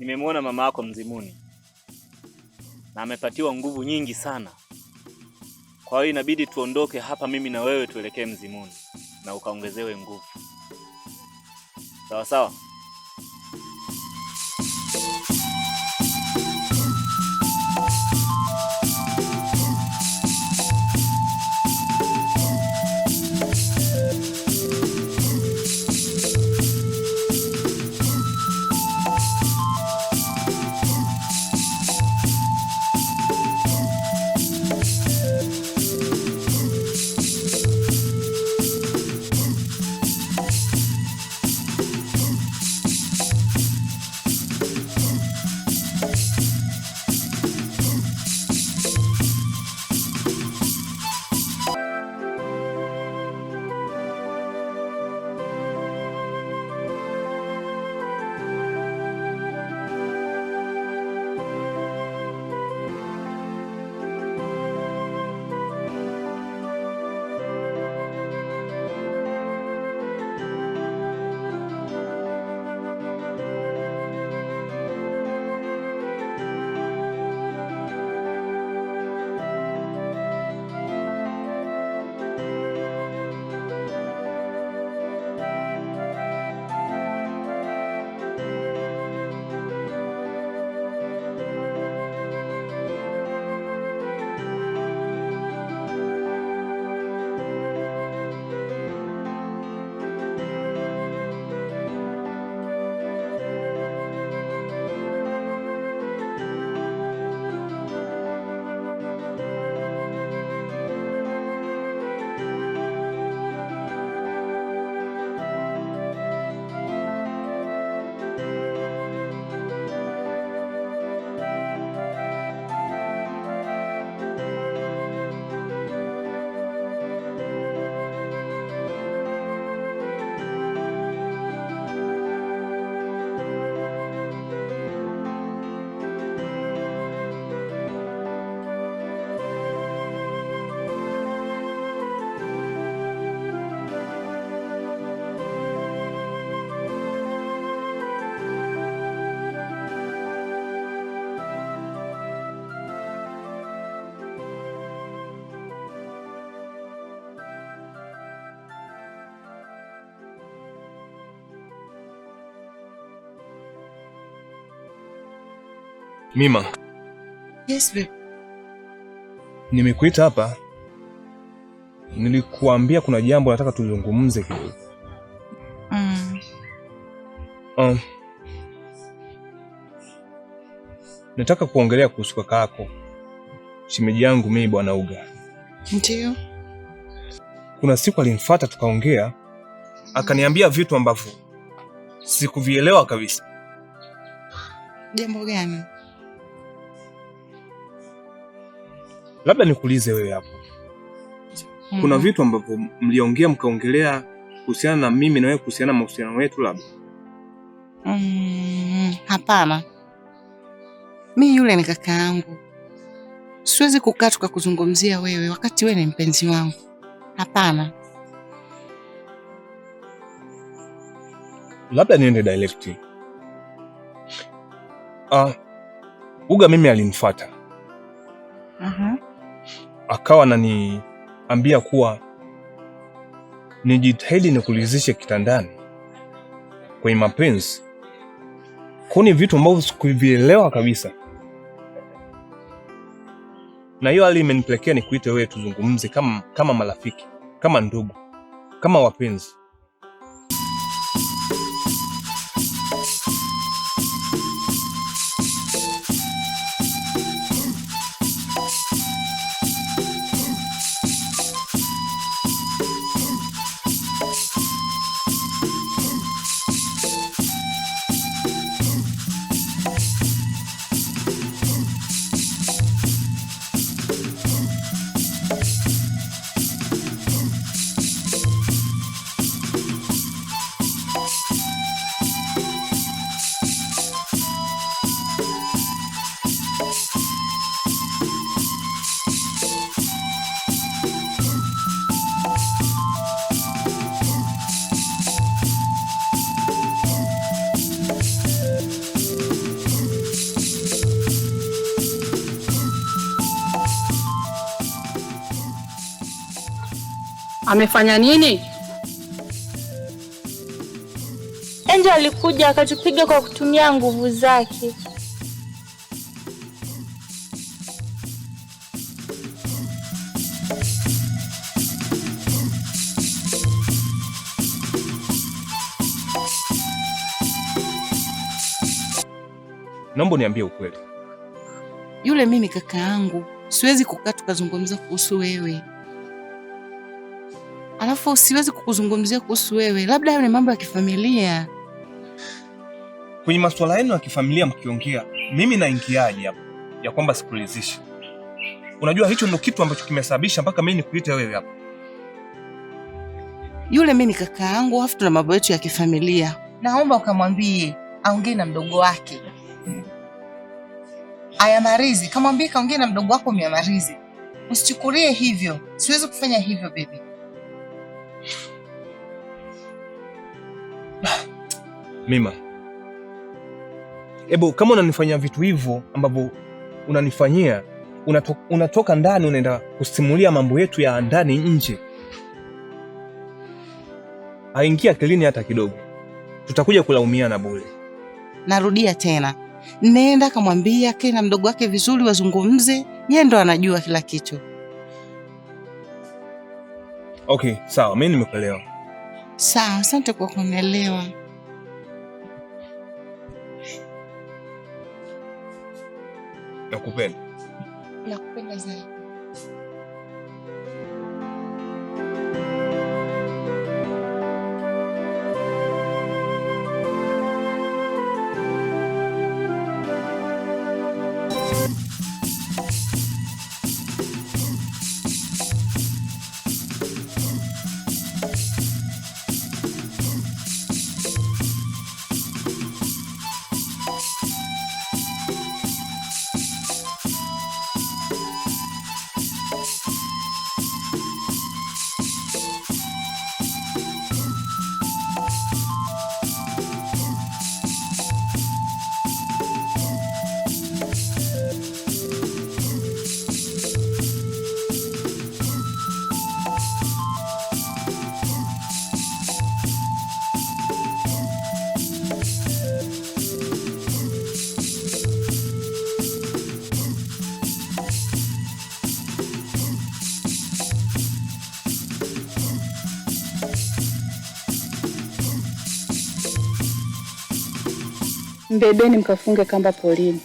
nimemwona mama yako mzimuni na amepatiwa nguvu nyingi sana, kwa hiyo inabidi tuondoke hapa, mimi na wewe tuelekee mzimuni na ukaongezewe nguvu. Sawa sawa. Mima. Yes, babe. Nimekuita hapa, nilikuambia kuna jambo nataka tuzungumze kidogo. Mm. Um, nataka kuongelea kuhusu kaka yako shemeji yangu mimi, bwana Uga. Ndio. Kuna siku alimfuata tukaongea, akaniambia vitu ambavyo sikuvielewa kabisa. Jambo gani? Labda nikuulize wewe hapo, kuna mm -hmm. vitu ambavyo mliongea mkaongelea kuhusiana na mimi na wewe kuhusiana na mahusiano wetu labda? Mm, hapana, mi yule ni kaka yangu, siwezi kukaa tukakuzungumzia wewe wakati wewe ni mpenzi wangu. Hapana, labda niende direct. Ah, Uga mimi alinifuata. uh -huh akawa ananiambia kuwa nijitahidi nikulizishe kitandani kwenye mapenzi, kwa ni vitu ambavyo sikuvielewa kabisa, na hiyo hali imenipelekea nikuite wewe tuzungumze kama, kama marafiki, kama ndugu, kama wapenzi. amefanya nini? enjo alikuja akatupiga kwa kutumia nguvu zake. Naomba niambie ukweli. Yule mimi kaka yangu, siwezi kukaa tukazungumza kuhusu wewe alafu siwezi kukuzungumzia kuhusu wewe, labda hayo ni mambo ya kifamilia. Kwenye masuala yenu ya kifamilia mkiongea, mimi naingiaje hapo ya kwamba sikulizishi? Unajua hicho ndio kitu ambacho kimesababisha mpaka mimi nikuite wewe hapo. Yule mimi ni kaka yangu, alafu tuna mambo yetu ya kifamilia. Naomba ukamwambie aongee na mdogo wake ayamarizi, kamwambie kaongee na mdogo wako miamarizi. Usichukulie hivyo, siwezi kufanya hivyo baby. Mima, hebu kama unanifanyia vitu hivyo ambavyo unanifanyia unato, unatoka ndani unaenda kusimulia mambo yetu ya ndani nje, haingia akilini hata kidogo. Tutakuja kulaumiana bure. Narudia tena, nenda kamwambia kena mdogo wake vizuri, wazungumze, yeye ndo anajua kila kitu. Okay, sawa, mimi nimekuelewa. Sawa, asante kwa kunielewa. Nakupenda, nakupenda zaidi. mbebeni mkafunge kamba polini.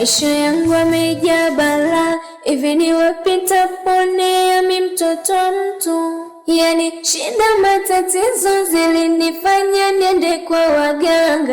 Maisha yangu yamejaa balaa, hivi niwepitapo Mi mtoto wa mtu. Yani shida matatizo zilinifanya niende kwa waganga.